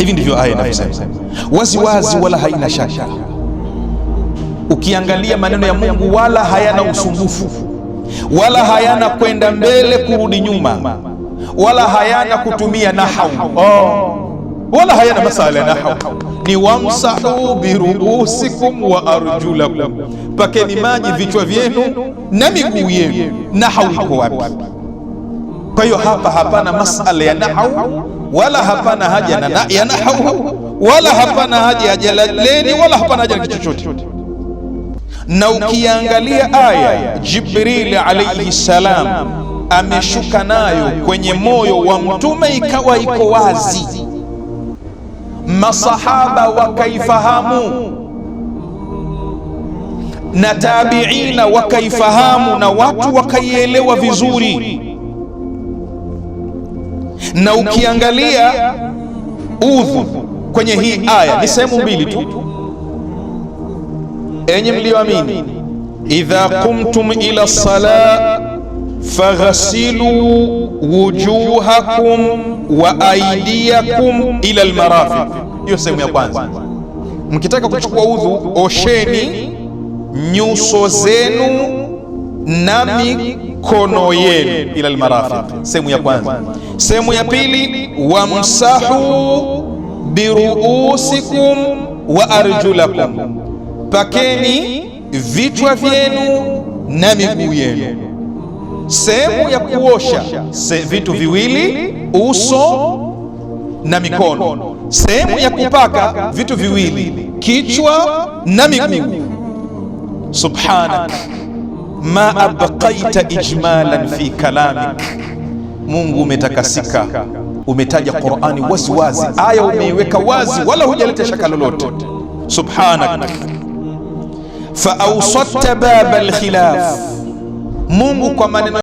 Hivi ndivyo aya inavyosema waziwazi, wala haina shaka. Ukiangalia maneno ya Mungu, wala hayana usumbufu, wala hayana kwenda mbele kurudi nyuma, wala hayana kutumia nahau oh, wala hayana masala ya nahau. Ni wamsahu biruusikum wa arjulakum, pakeni maji vichwa vyenu na miguu yenu. Nahau iko wapi? Kwa hiyo hapa hapana masala ya nahau wala hapana haja ya nahau wala hapana haja ya jalaleni wala hapana haja na Na ukiangalia aya Jibrili alayhi salam ameshuka nayo kwenye moyo wa mtume, ikawa iko wazi, masahaba wakaifahamu na tabiina wakaifahamu na watu wakaielewa vizuri na ukiangalia udhu kwenye hii aya ni sehemu mbili tu, enyi mlioamini, idha kumtum ila sala faghasilu wujuhakum wa aidiyakum ila almarafiq. Hiyo sehemu ya kwanza. Mkitaka kuchukua udhu, osheni nyuso zenu na mikono yenu ila almarafiq, sehemu ya kwanza. Sehemu ya pili, wamsahu biruusikum wa arjulakum, pakeni vichwa vyenu na miguu yenu. Sehemu ya kuosha se vitu viwili, uso na mikono. Sehemu ya kupaka vitu viwili, kichwa na miguu. Subhanak ma abqaita ijmalan fi kalamik, Mungu umetakasika, umetaja Qur'ani wazi wazi aya umeiweka wazi, wala hujaleta shaka lolote. Subhanak faawsatta baba alkhilaf, Mungu kwa maneno